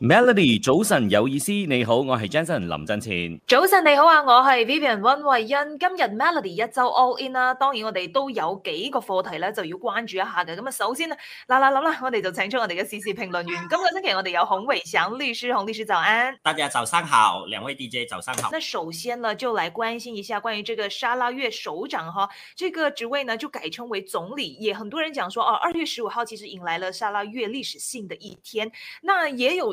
Melody 早晨有意思，你好，我係 Jason 林振前。早晨你好啊，我係 Vivian 溫慧欣。今日 Melody 一周 All In 啦、啊，當然我哋都有幾個課題咧，就要關注一下嘅。咁啊，首先啦啦啦啦，我哋就請出我哋嘅時事評論員。今個星期我哋有孔維祥律師，孔律師早安。大家早上好，兩位 DJ 早上好。首先呢就來關心一下關於這個砂拉越首長哈，這個職位呢就改稱為總理，也很多人講說哦，二月十五號其實迎來了砂拉越歷史性嘅一天。那也有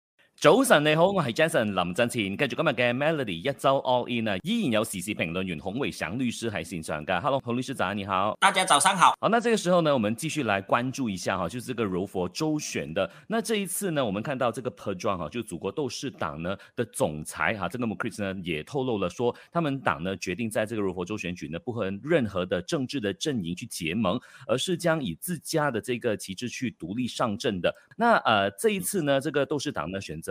早晨你好，我係 Jason 林振前，跟住今日嘅 Melody 一周 All In 啊，依然有時事評論員洪偉祥律師喺線上噶，Hello 洪律師仔，你好，大家早上好。好，那這個時候呢，我們繼續來關注一下哈、啊，就是、這個柔佛州選的。那這一次呢，我們看到這個 Pejuang、啊、就祖國鬥士黨呢的總裁哈、啊，這個 Mukhriz 呢，也透露了說，他們黨呢決定在這個柔佛州選舉呢不和任何的政治的陣營去結盟，而是將以自家的這個旗幟去獨立上陣的。那呃，這一次呢，這個鬥士黨呢選擇。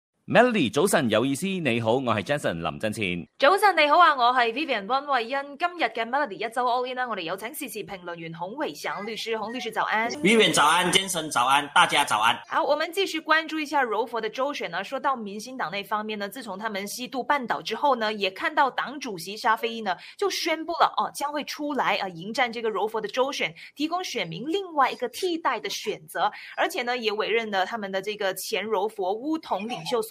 Melody 早晨有意思，你好，我係 Jason 林振前。早晨你好啊，我係 Vivian 溫慧欣。今日嘅 Melody 一周 all in 我哋有請時事評論員洪偉祥律師，洪律師早安。Vivian 早安，Jason 早安，大家早安。好，我們繼續關注一下柔佛的周選呢。說到民心黨那方面呢，自從他們西渡半島之後呢，也看到黨主席沙菲呢就宣布了哦，將會出來啊迎戰這個柔佛的周選，提供選民另外一個替代的選擇，而且呢也委任了他們的這個前柔佛巫統領，領袖。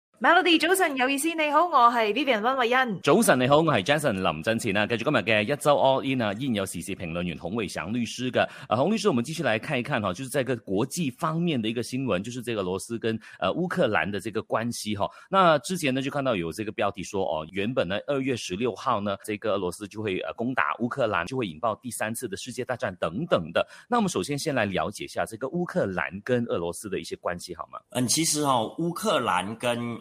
Melody，早晨有意思，你好，我係 Vivian 溫慧欣。早晨你好，我係 Jason 林振前呢，繼續今日嘅一周 All In 啊，依然有時事評論員洪偉祥律師嘅。啊，洪律師，我們繼續來看一看哈，就是在個國際方面的一個新聞，就是這個俄羅斯跟誒烏克蘭的這個關係哈。那之前呢就看到有這個標題說，哦，原本呢二月十六號呢，這個俄羅斯就會攻打烏克蘭，就會引爆第三次的世界大戰等等的。那我們首先先來了解一下這個烏克蘭跟俄羅斯的一些關係，好嗎？嗯，其實哦，烏克蘭跟